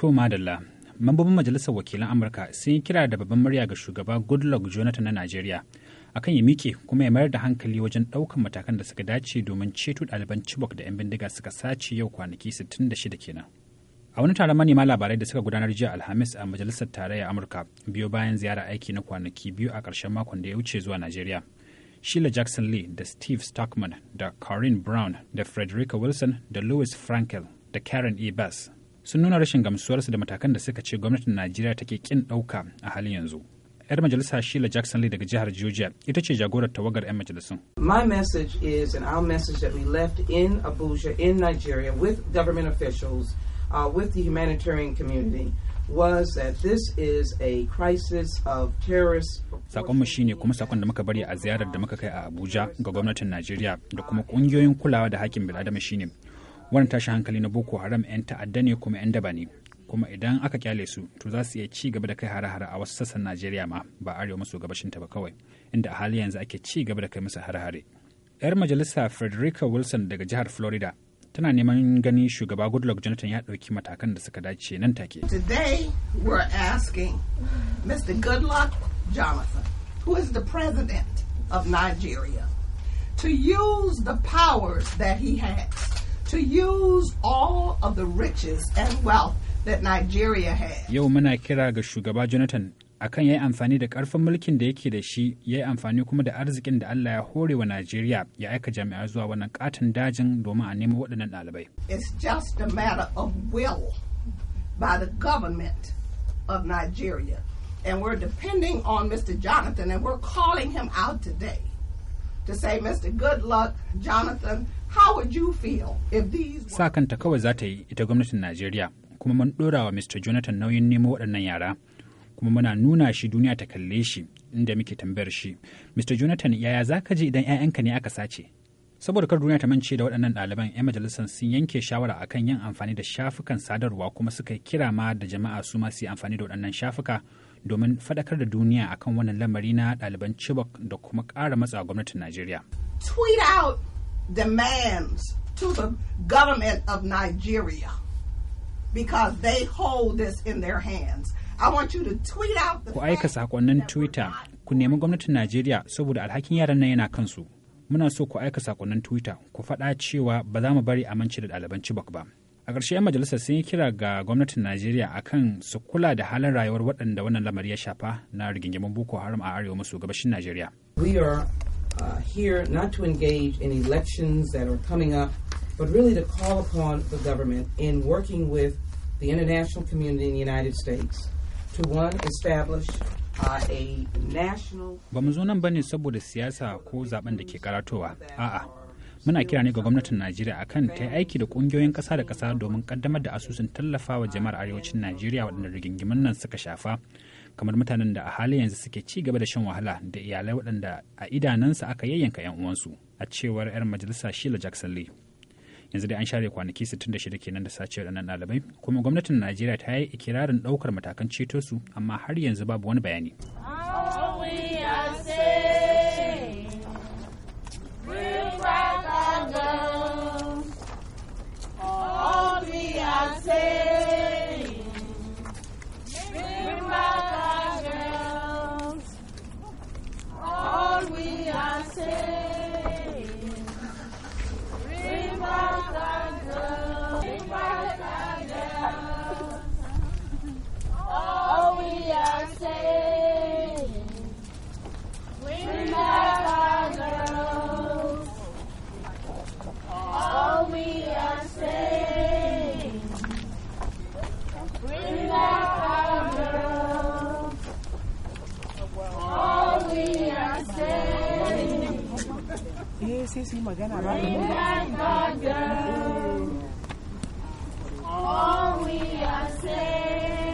To madalla, mambobin majalisar wakilan Amurka sun yi kira da babban murya ga shugaba Goodluck Jonathan na Najeriya akan ya mike kuma ya mayar da hankali wajen ɗaukan matakan da suka dace domin ceto ɗaliban Chibok da 'yan bindiga suka sace yau kwanaki 66 kenan. A wani taron manema labarai da suka gudanar jiya Alhamis a Majalisar Tarayya Amurka biyo bayan ziyara aiki na kwanaki biyu a ƙarshen makon da ya wuce zuwa Najeriya. Sheila Jackson Lee da Steve Stockman da Corinne Brown da Frederica Wilson da Louis Frankel da Karen E. Bass sun nuna rashin gamsuwarsu da matakan da suka ce gwamnatin Najeriya take kin ɗauka a halin yanzu. 'Yar majalisa Sheila Jackson Lee daga jihar Georgia ita ce jagorar tawagar 'yan majalisun. My message is and our message that we left in Abuja in Nigeria with government officials uh, with the humanitarian community was that this is a crisis of terrorist Sakonmu shi ne kuma sakon da muka bari a ziyarar da muka kai a Abuja ga gwamnatin Najeriya da kuma kungiyoyin kulawa da hakkin bil'adama shine wannan tashin hankali na boko haram 'yan ta'adda ne kuma 'yan daba ne kuma idan aka kyale su to za su iya ci gaba da kai hare-hare a wasu sassan najeriya ma ba arewa maso gabashin ta ba kawai inda a hali yanzu ake ci gaba da kai musu hare-hare yar majalisa frederica wilson daga jihar florida tana neman ganin shugaba goodluck jonathan ya ɗauki matakan da suka dace nan take today we're asking mr goodluck jonathan who is the president of nigeria to use the powers that he has to use all of the riches and wealth that Nigeria has. Yo muna kira ga shugaba Jonathan akan ya yi amfani da karfin mulkin da yake da shi ya yi amfani kuma da arzikin da Allah ya hore wa Nigeria. ya aika jami'a zuwa wannan katon dajin domin a nemo waɗannan ɗalibai. It's just a matter of will by the government of Nigeria. And we're depending on Mr. Jonathan and we're calling him out today. to say, Mr. Good Luck, Jonathan, how would you feel if these... Sa kanta kawai za ta yi ita gwamnatin Najeriya, kuma mun ɗora wa Mr. Jonathan nauyin nemo waɗannan yara, kuma muna nuna shi duniya ta kalle shi inda muke tambayar shi. Mr. Jonathan, yaya za ka ji idan 'ya'yanka ne aka sace? saboda kar duniya ta mance da waɗannan ɗaliban 'yan majalisar sun yanke shawara a kan yin amfani da shafukan sadarwa kuma suka kira ma da jama'a su ma su yi amfani da waɗannan shafuka domin fadakar da duniya akan wannan lamari na ɗaliban Chibok da kuma ƙara matsa gwamnatin Najeriya. Tweet out demands to the government of Nigeria because they hold this in their hands. I want Ku aika sakonnin Twitter ku nemi gwamnatin Najeriya saboda alhakin yaran nan yana kansu. Muna so ku aika saƙonnin Twitter ku faɗa cewa ba za mu bari aminci da ɗaliban Chibok ba. a ƙarshe 'yan majalisa sun yi kira ga gwamnatin najeriya akan su kula da halin rayuwar waɗanda wannan lamari ya shafa na rigingimin boko haram a arewa maso gabashin najeriya we are uh, here to engage in elections that coming up but really to call upon the government in working with the international community in the united states to one establish uh, Ba mu zo nan ba ne saboda siyasa ko zaben da ke karatowa, a'a, muna kira ne ga gwamnatin najeriya akan ta yi aiki da kungiyoyin kasa da kasa domin kaddamar da asusun tallafawa jama'ar arewacin najeriya waɗanda rigingimin nan suka shafa kamar mutanen da a halin yanzu suke ci gaba da shan wahala da iyalai waɗanda a idanansa aka yayyanka 'yan uwansu a cewar 'yar majalisa Sheila Jackson Lee. Yanzu dai an share kwanaki 66 kenan da sace waɗannan ɗalibai, kuma gwamnatin Najeriya ta yi ikirarin ɗaukar matakan ceto su, amma har yanzu babu wani bayani. Bring All we are saying. Bring All we are saying.